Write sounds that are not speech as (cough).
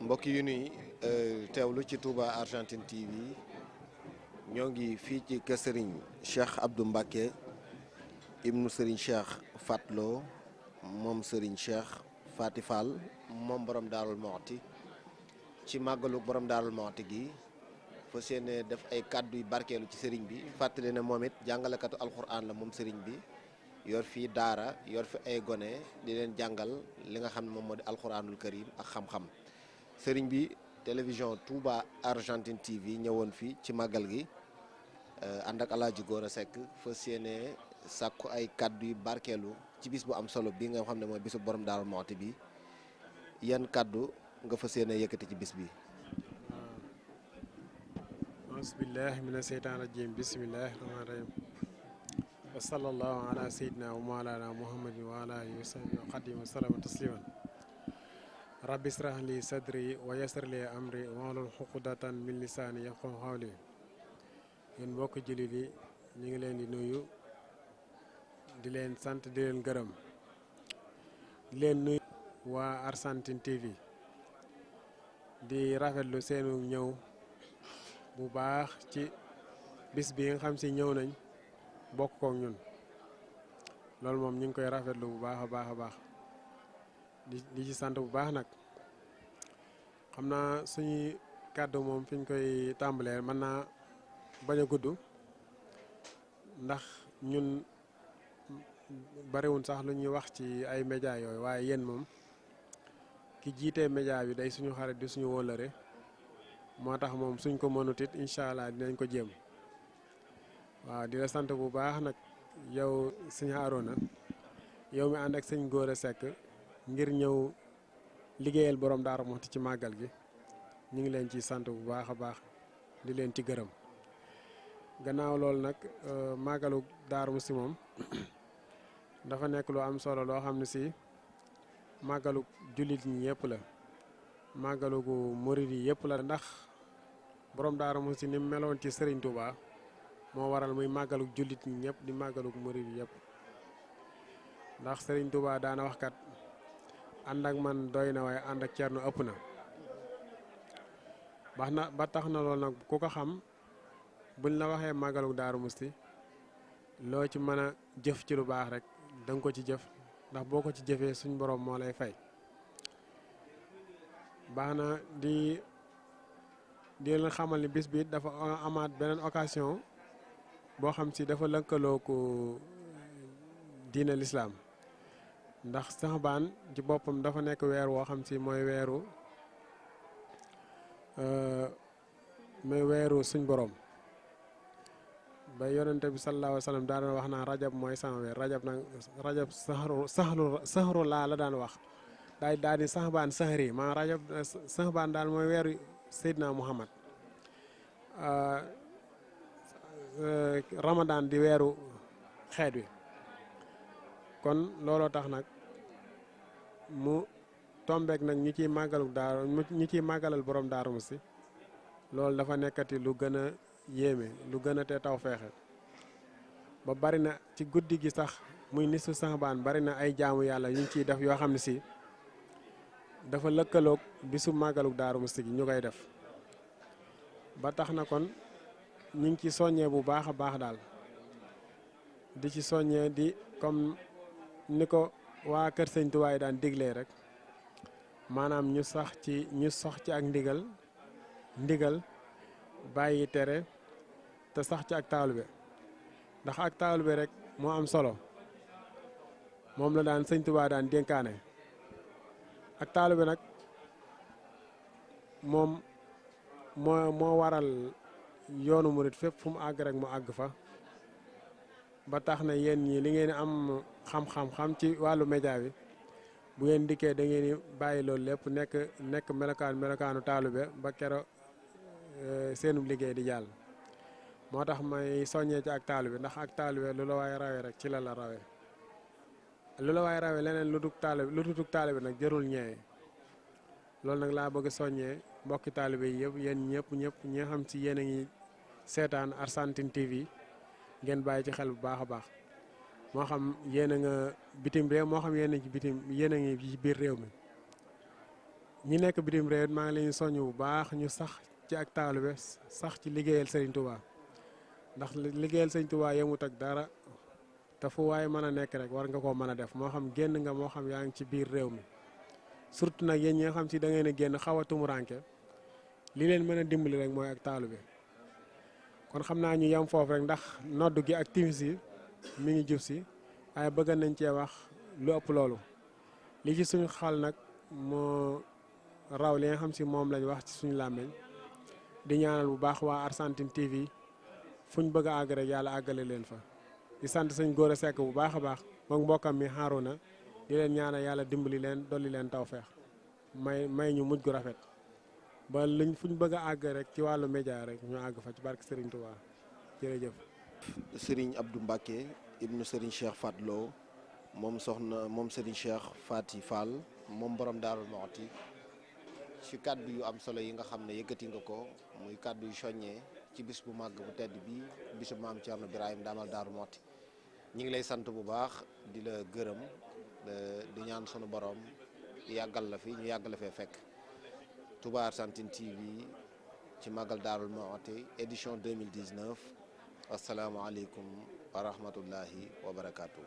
mbokk yu nuy euh, teewlu ci Touba Argentine TV ñoo ngi fii ci kër sëriñ Cheikh abdu Mbacké ibnu sëriñ Cheikh Fatlo moom sëriñ Cheikh Fati moom borom Daarul Moxti ci màggalu borom Daarul Moxti gi fas yéene def ay kàddu yu barkeelu ci sëriñ bi fàttali ne moom it jàngalekatu alxuraan la moom sëriñ bi yor fii daara yor fi ay gone di leen jàngal li nga xam ne moom moo di alxuraanul karim ak xam-xam. sëriñ bi télévision Touba Argentine TV ñëwoon fii ci màggal gi euh, ànd ak Alaaji a Seck fa yéene sàkku ay kàddu yu barkeelu ci bis bu am solo bi nga xam ne mooy bisu borom daal Muxti bi yan kàddu nga fas yéene yëkkati ci bis bi bismillahi mina seytaan rajim bismillahi rahmaan rahim wa sallallahu ala sayyidina wa mawlana muhammadin wa wa sahbihi wa rabbi israh li sadri wa yassir li amri wahlul uqdatan min lisaani yafqahu qawli yéen mbokk jullit yi ñu ngi leen di nuyu di leen sant di leen gërëm di leen nuyu waa Argentine TV di rafetlu seenu ñëw bu baax ci bis bi nga xam si ñëw nañ bokk kook ñun loolu moom ñu ngi koy rafetlu bu baax a baax a baax di di ci sant bu baax nag xam naa suñuy kàddu moom fi koy tàmbalee mën naa bañ a gudd ndax ñun bariwun sax lu ñuy wax ci ay média yooyu waaye yéen moom ki jiitee média bi day suñu xarit di suñu wóllëre moo tax moom suñ ko mënut it incha allah dinañ ko jéem waaw di la sant bu baax nag yow sëñ Arona yow mi ànd ak sëñ Gora Seck ngir ñëw liggéeyal borom Darou Mouhty ci màggal gi ñu ngi leen ci sant bu baax a baax di leen ci gërëm gannaaw loolu nag euh, màggalu daarumu Mouhty moom (coughs) dafa nekk lu am solo loo xam ne si màggalu jullit ñi yëpp la màggalu gu murid yi yëpp la ndax borom Darou Mouhty ni meloon ci Serigne Touba moo waral muy màggalu jullit ñi ñëpp di màggalu murid yi yëpp ndax Serigne Touba daana wax kat. ànd ak man doy na waaye ànd ak Thierno ëpp na bax na ba tax na lool nag ku ko xam buñ la waxee màggalu Daaru Musti loo ci mën a jëf ci lu baax rek da ko ci jëf ndax boo ko ci jëfee suñ boroom moo lay fay baax na di di leen xamal ni bis bi dafa amaat beneen occasion boo xam si dafa lëkkaloo ko diine lislaam ndax saxbaan ci boppam dafa nekk weer woo xam si mooy weeru euh, mooy weeru suñ boroom ba yonente bi sallallahu alayhi wa sallam wax naa rajab mooy sama weer rajab nag rajab laa la daan wax daay daal di saxbaan saxri maa rajab saxbaan daal mooy weeru Seydina Muhammad euh, euh, Ramadan di weeru xeet wi kon looloo tax nag mu tombeek nag ñu ciy màggalu daaru ñu ciy màggalal borom Daaru Muxti loolu dafa nekkati lu gën a yéeme lu gën a te taw feexe ba bari na ci guddi gi sax muy nisu saxbaan bari na ay jaamu yàlla yuñ ciy def yoo xam ne si dafa lëkkaloog bisu màggalu Daaru Muxti gi ñu koy def ba tax na kon ñu ngi ci soññee bu baax a baax daal di ci soññee di comme ni ko waa kër sëñ daan diglee rek maanaam ñu sax ci ñu sax ci ak ndigal ndigal bàyyi tere te sax ci ak taalube ndax ak taalube rek moo am solo moom la daan sëñ daan dénkaane ak taalube nag moom moo moo waral yoonu murit fépp fu mu àgg rek mu àgg fa ba tax na yéen ñi li ngeen am xam xam ci wàllu média bi bu ngeen dikkee da ngeen di bàyyi loolu lépp nekk nekk melokaan melokaanu taalube ba kero eh, seenub liggéey di jàll moo tax may soññee ci ak taalube ndax ak taalube lu la waay rawee rek ci la la rawee lu la waay rawee leneen lu dug taalube lu tutug taalube nag jërul ñeewe loolu nag laa bëgg soññee mbokki taalube yi yëpp yéen ñëpp ñëpp ñi xam ci yéen a ngi seetaan Argentine TV ngeen bàyyi ci xel bu baax a baax moo xam yéen a nga bitim réew moo xam yéen a ci bitim yéen a ngi ci biir réew mi ñu nekk bitim réew maa ngi leen soññ bu baax ñu sax ci ak taalu taalube sax ci liggéeyal Serigne tubaa ndax liggéeyal Serigne Touba yemut ak dara te fu waaye mën a nekk rek war nga koo mën a def moo xam génn nga moo xam yaa ngi ci biir réew mi surtout nag yéen ñi xam si da ngeen génn xaw a tumuranke li leen mën a dimbali rek mooy ak taalu bi kon xam naa ñu yem foofu rek ndax nodd gi ak timis yi mi ngi jub si waaye bëgg nañ cee wax lu ëpp loolu li ci suñu xal nag moo raw li nga xam si moom lañ wax ci suñu làmmiñ di ñaanal bu baax waa Argentine TV fuñ bëgg a àgg rek yàlla àggale leen fa di sant sañ góor a sekk bu baax a baax moom mbokkam mi xaaru na di leen ñaanal yàlla dimbali leen dolli leen tawfeex may may ñu mujj gu rafet ba liñ fuñ bëgg a àgg rek ci wàllu média rek ñu àgg fa ci barke Serigne Touba jërëjëf. Serigne Abdou Mbacke ibnu Serigne Cheikh Fatou Lo moom soxna moom Serigne Cheikh Fati Fall moom borom daarul Mouhty ci kàddu yu am solo yi nga xam ne yëkkati nga ko muy kàddu yu soññee ci bis bu màgg bu tedd bi bisu maam Thierno Birahim daamal Darou Mouhty ñi ngi lay sant bu baax di la gërëm euh, di ñaan sunu borom yàggal la fi ñu yàgg la fee fekk. Touba Argentine TV ci Magal Daarul Muhti édition 2019 asalaamaaleykum wa rahmatullahi wa barakaatu.